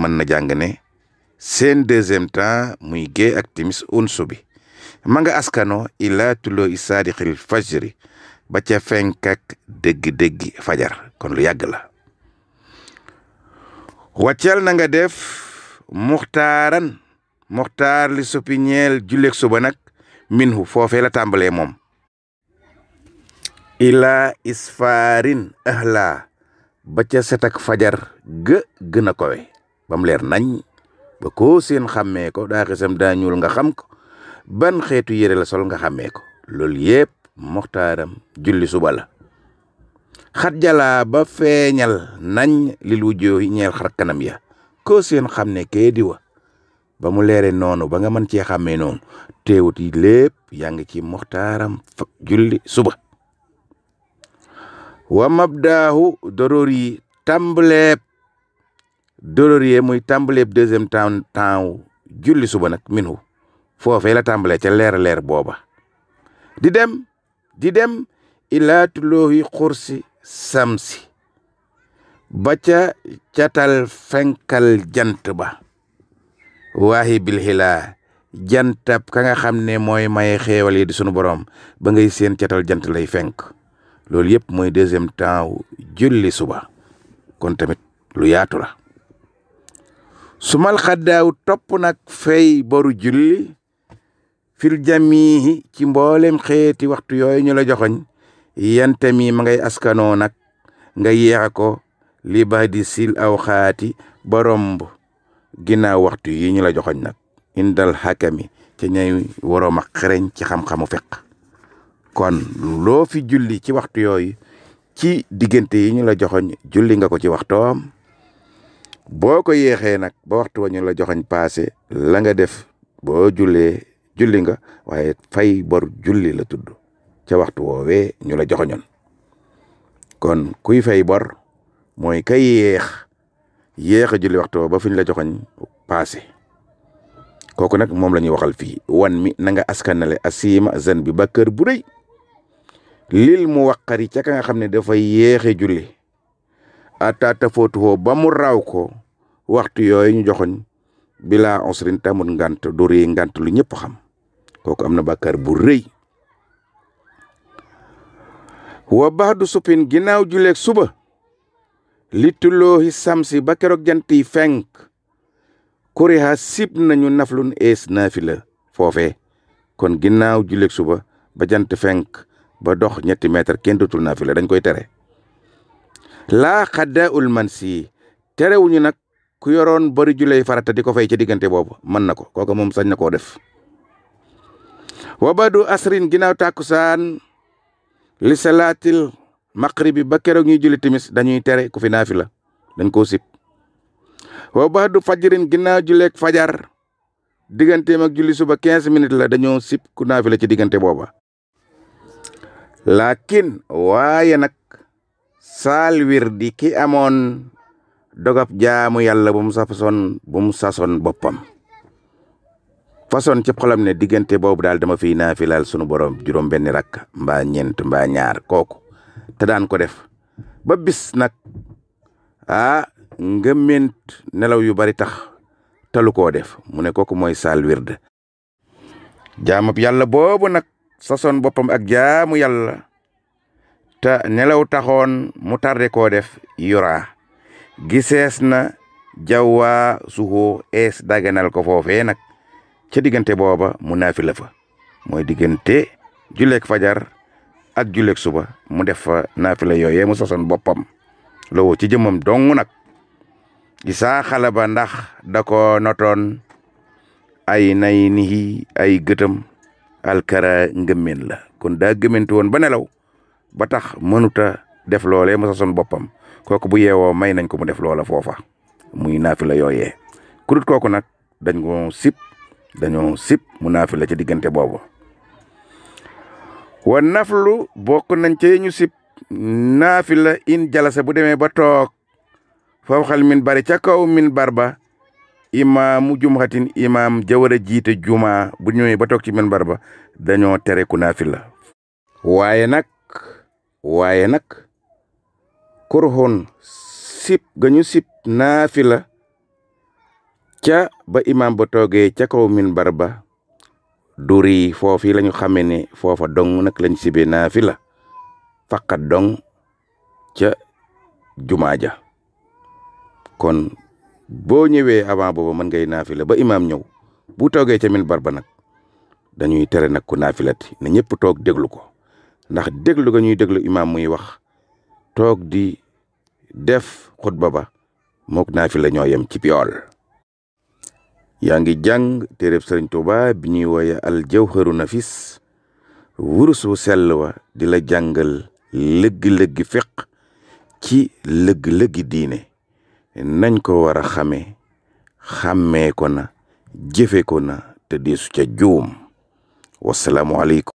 mën na jàng ne seen deuxième temps muy gée ak timis unsu bi ma nga askano ilaa tuloo i saadiqil fajri ba ca fenk ak fajar kon lu yàgg la wàcceel na nga def muxtaaran muxtaar li suppi ñeel julleeg suba nag minhu foofee la tàmbalee moom ilaa isfaarin ahla ba ca set fajar gë gën a kowe ba mu leer nañ ba koo seen xàmmee ko daa xisam daa ñuul nga xam ko ban xeetu yére la sol nga xàmmee lool loolu yépp moxtaaram julli suba la xat jalaa ba feeñal nañ li lu jooy ñeel xar kanam ya ko seen xam ne kee di wa ba mu leere noonu ba nga mën cee xàmmee noonu teewut yi lépp yaa ngi ci moxtaaram julli suba wa mabdaahu doroor yi tàmbaleeb dolorier muy tàmbaleeb deuxième temps temps julli suba nag minu foofee la tàmbalee ca leer leer booba di dem di dem ilaatuloohi xursi samsi ba ca catal fenkal jant ba waahi bilxilaa jantab ka nga xam ne mooy maye xeewal yi di sunu borom ba ngay seen catal jant lay fenk loolu yëpp mooy deuxième temps julli suba kon tamit lu yaatu la su mal xaddaaw topp nag fay boru julli fil jamihi ci mboolem xeeti waxtu yooyu ñu la joxoñ yantami ma ngay askanoo nag nga yeexa ko li ba di sil aw xaati boromb ginnaaw waxtu yi ñu la joxoñ nag indal xakami ci ñay waroom ak xereñ ci xam-xamu feq kon loofi julli ci waxtu yooyu ci diggante yi ñu la joxoñ julli nga ko ci waxtoom boo ko yéexee nag ba waxtu wa ñu la joxañ passé la nga def boo julee julli nga waaye fay bor julli la tudd ca waxtu woo woowee ñu la joxoñoon kon kuy fay bor mooy ka yéex yéex a julli waxtu wa ba fi la joxoñ passé kooku nag moom la ñuy waxal fii wan mi na nga askanale asima zan bi ba kër bu rëy lil mu waqari ca ka nga xam ne dafay yéexe julli ata tafootuhoo ba mu raw ko waxtu yooyu ñu joxoñ bilaa onsrin tamul ngant du rëy ngant lu ñëpp xam kooku am na bàkkaar bu rëy wa baax du suppin ginnaaw juleeg suba li tulloohi samsi ba keroog jant yi fenk kuriha sib nañu naflun ees naafi la kon ginnaaw juleeg suba ba jant fenk ba dox ñetti mètre kenn dutul naafi dañ koy tere laa xaddaa ul man sii terewuñu nag ku yoroon bari juley farata di ko fay ci diggante boobu mën na ko kooka moom sañ na koo def wabadu asrin ginaaw ginnaaw tàkkusaan li salaatil maqribi ba keroog ñuy julli timis dañuy tere ku fi naafi la dañ koo sib wabadu fajirin ginnaaw julek fajar digganteem ak julli suba minit la dañoo sib ku naafi la ci diggante booba laakin waaye nag saal di ki amoon dogab jaamu yàlla bu mu sason bu mu sason boppam façon ci xolam ne diggante boobu daal dama fiy naafilaal sunu borom juróom benni rakk mbaa ñeent mbaa ñaar kooku te daan ko def ba bis nag ah ngëmment nelaw yu bari tax talu koo def mu ne kooku mooy saal wirde jaamab yàlla boobu nag sason boppam ak jaamu yàlla te nelaw taxoon mu tarde koo def yuraa gisees na jawwaa suhoo ees daganal ko foofee nag ca diggante booba mu naafila fa mooy diggante julleeg fajar ak julek suba mu def fa naafila yooyee mu sosoon boppam lowoo ci jëmam dong nag gisaa xala ndax da ko notoon ay nay nihi ay gëtam alkara ngëmmen la kon daa gëmmentu woon ba nelaw ba tax mënuta def loolee mu sasoon boppam kooku bu yeewoo may nañ ko mu def loola foofa muy naafila yooyee kurut kooku nag dañ ko sip dañoo sip mu naafila ca diggante boobu wa naflu nañ ca ñu sip naafila in jalasa bu demee ba toog fawxal min bari ca kaw min barba imaamu jumxatin imaam jawar a jiite juma bu ñëwee ba toog ci min barba dañoo tere ku naafila waaye nag waaye nag korxoon sip ga ñu sip naafila ca ba imaam ba toogee ca kaw minbar ba duri foofi lañu xame ni foofa dong nag lañ sibe naafila faqat dong ca jumaa ja kon boo ñëwee avant booba mën ngay naafila ba imaam ñëw bu toogee ca minbar ba nag dañuy tere nag ku naafilati na ñëpp toog déglu ko ndax déglu ga ñuy déglu imaam muy wax toog di def xutba ba mook naa fi la ñoo yem ci yool yaa ngi jàng téereb Sëriñ ba bi ñuy wooye al jawharu nafis wurusu wu sell wa di la jàngal lëgg-lëggi fiq ci lëgg-lëggi diine nañ ko war a xamee xàmmee ko na jëfe ko na te deesu ca juum wasalaamualeykum